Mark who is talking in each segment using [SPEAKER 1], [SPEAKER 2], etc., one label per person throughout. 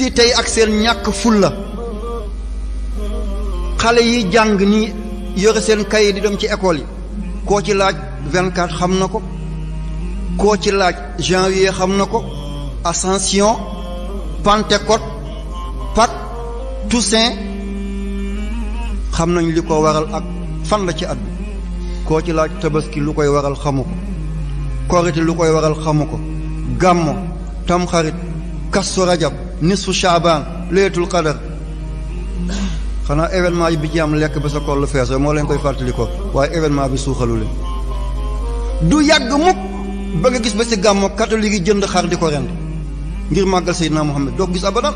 [SPEAKER 1] di tey ak seen ñàkk fulla xale yi jàng ni yore seen kayit di dem ci école yi koo ci laaj vingt-quatre xam na ko koo ci laaj janvier xam na ko ascension Pentecôte pat Toussaint xam nañ li ko waral ak fan ci at bi koo ci laaj tabaski lu koy waral xamu ko korite lu koy waral xamu ko gàmmo tamxarit kasu rajab nisfu chaabaan laylatul qadar xanaa événement yi bi ci am lekk ba sa koll fees moo leen koy fàttali ko waaye événement bi suuxalu leen du yàgg mukk ba nga gis ba si gàmmo catholique yi jënd xar di ko rend ngir màggal Seydina Muhammad doo gis abadan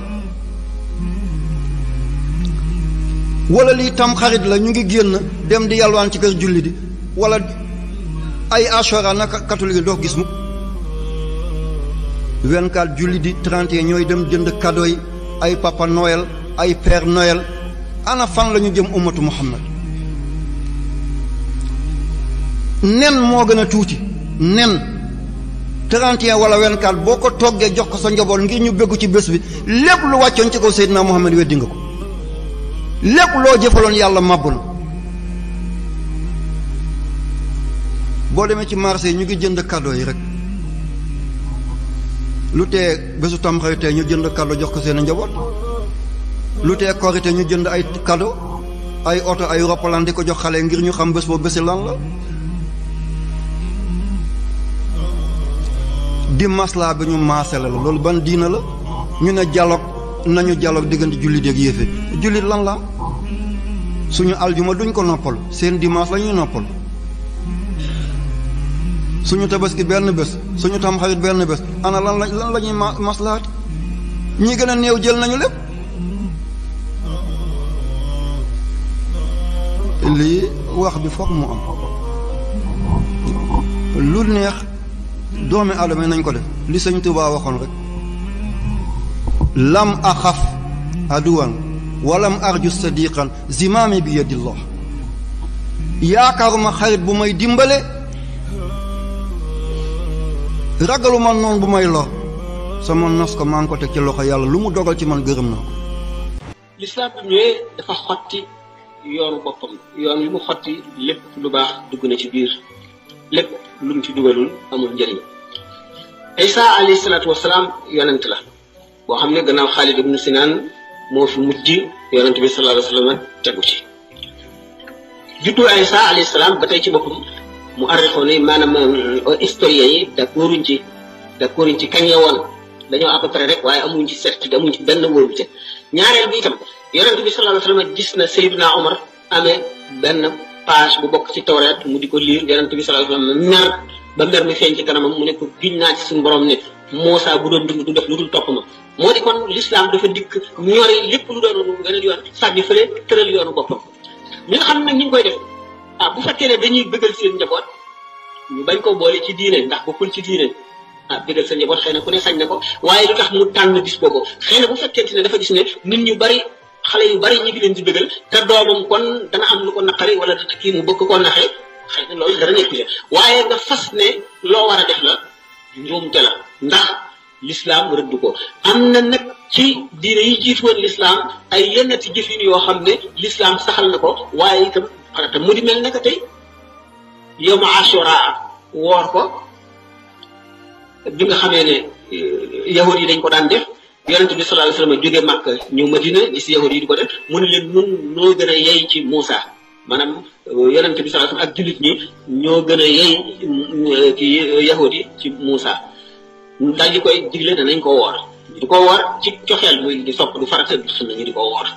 [SPEAKER 1] wala lii tam xarit la ñu ngi génn dem di yalwaan ci kër julli di wala ay ashora nag catholique yi doo gis mukk 24 juli di 31 ñoy dem jënd cadeau yi ay papa noël ay père noël ana fan lañu jëm ummatu muhammad nen mo gëna tuuti nen 31 wala 24 boko togge jox ko sa njaboot ngi ñu béggu ci bës bi lepp lu waccion ci ko seydina muhammad weddi nga ko lepp lo jëfalon yalla mabul bo boo ci marché ñu ngi jënd cadeau yi rek lu tee bésu tamxarite ñu jënd cadeau jox ko seen njaboot lu tee korite ñu jënd ay cadeau ay oto ay roppalaan ko jox xale ngir ñu xam bés boobu bési lan la di maslaa bi ñu maasale la loolu ban diina la ñu ne dialogue nañu dialogue diggante jullit ak yéefe jullit lan la suñu aljuma duñ ko noppal seen dimanche la ñuy noppal suñu tabaski benn bés suñu tamxarit benn bés ana lan la lan la ñuy maslaat ñi gën a néew jël nañu lépp lii wax bi foog mu am lu neex doomi aadama nañ ko def li sëñ Tuubaa waxoon rek lam axaf aduwan walam arju sadiqan zimaami bi yadillah yaakaaruma xarit bu may dimbale ragalu noonu bu may lor sama nos ko maa ngi ci loxo yàlla lu mu dogal ci man gërëm naa ko.
[SPEAKER 2] lislaam bi ñëwee dafa xotti yoonu boppam yoon wi mu xotti lépp lu baax dugg na ci biir lépp lu mu ci dugalul amul njëriñ Isa alayhi salaatu wasalaam yonent la boo xam ne gannaaw Xaalid ibnu Sinaan moo fi mujj yonent bi sallallahu alayhi wa sallam tegu ci juddu Isa alayhi salaam ba tey ci boppam. mu arrixoon yi maanaam euh, historiens yi d'accord uñ ci d'accord uñ ci kañ la woon dañoo à peu près waaye amuñ ci certitude amuñ ci benn wóorute ñaareel bi itam yonent bi sallallahu alayhi wa sallam gis na Seydina Omar amee benn page bu bokk ci tawreet mu di ko liir yonent bi sallallahu alayhi wa sallam ba mer mi feeñ ci kanamam mu ne ko giñ naa ci suñu borom ne Moussa bu doon dund du def lu dul topp ma moo di kon l'islam dafa dikk ñori lépp lu doon beneen yoon sànni fële tëral yoonu boppam nga xam ne nag ñu ngi koy def ah bu fekkee ne dañuy bëggal seen njaboot ñu bañ ko boole ci diine ndax bokkul ci diine ah bëggal seen njaboot xëy na ku ne sañ na ko waaye lu tax mu tànn bis boobu xëy na bu fekkente ne dafa gis ne nit ñu bari xale yu bari ñu ngi leen di bëggal te doomam kon dana am lu ko naqari wala dana kii mu bëgg ko naxee xëy na loolu dara nekk ci waaye nga fas ne loo war a def la njuumte la ndax lislaam rëdd ko am na nag ci diine yi jiitu woon lislaam ay yennati jëfin yoo xam ne lislaam saxal na ko waaye itam farata mu di mel naka tey yow ma asura woor ko bi nga xamee ne euh, yahud yi dañ ko daan def yonente bi sallallahu alayhi wasallam jóge màkk ñëw madina gis yahud yi di ko def mu ni leen mun noo gën a yey ci Moussa maanaam euh, yonente bi sallallahu ak jullit ñi ñoo gën a yey euh, yi ci Moussa dal di koy digle danañ ko woor di ko woor ci coxeel muy di sopp du farata bi xam nañu di ko woor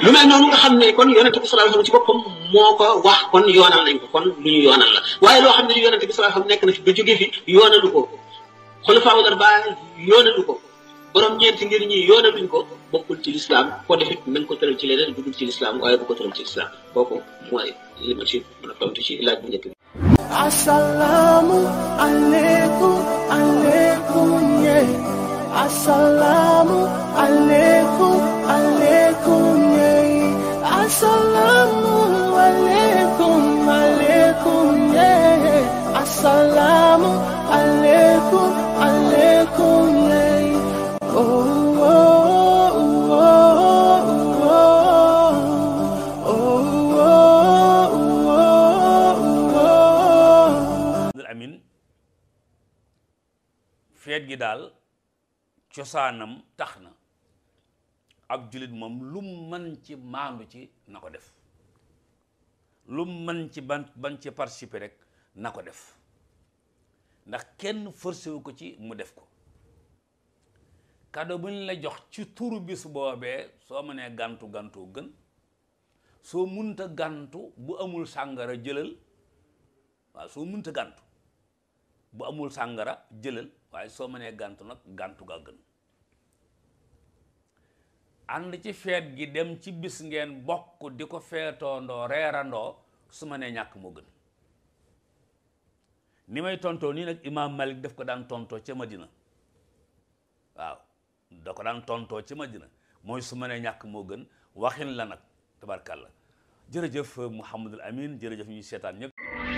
[SPEAKER 2] lu mel non nga xam kon yaronte bi sallallahu alayhi wasallam ci bopam moko wax kon yonal nañ ko kon lu ñu yonal la waye lo xam yaronte bi sallallahu alayhi wasallam nek na ci ba jóge fi yoonalu ko khulafa wal darba yoonalu ko borom ñent ngir ñi yoonaluñ ko bokul ci lislaam ko defit nañ ko tëral ci leneen dugul ci lislaam waye bu ko tëral ci lislaam boko moy li ma ci mëna a ci ila bu ñëk assalamu alaykum alaykum ye assalamu alaykum alaykum السلام عليكم عليكم يا السلام عليكم عليكم
[SPEAKER 1] يا
[SPEAKER 3] feet gi daal cosaanam tax ak julit mom lu man ci mandu ci nako def lu man ci ban ban ci participer rek nako def ndax kenn forcer ko ci mu def ko cadeau buñ la jox ci turu bis bobé so mané gantu gantu gën so munta gantu bu amul sangara jëlal wa so munta gantu bu amul sangara jëlal waye so mané gantu nak gantu ga gën ànd ci feet gi dem ci bis ngeen bokk di ko feetoondoo reerandoo su ma nee ñàkk moo gën ni may tontoo nii nag imaam Malik daf ko daan tontoo ca Madina waaw da ko daan tontoo ca Madina mooy su ma nee ñàkk moo gën waxin la nag tabarkàlla jërëjëf Mouhamadul Amin jërëjëf ñuy seetaan ñëpp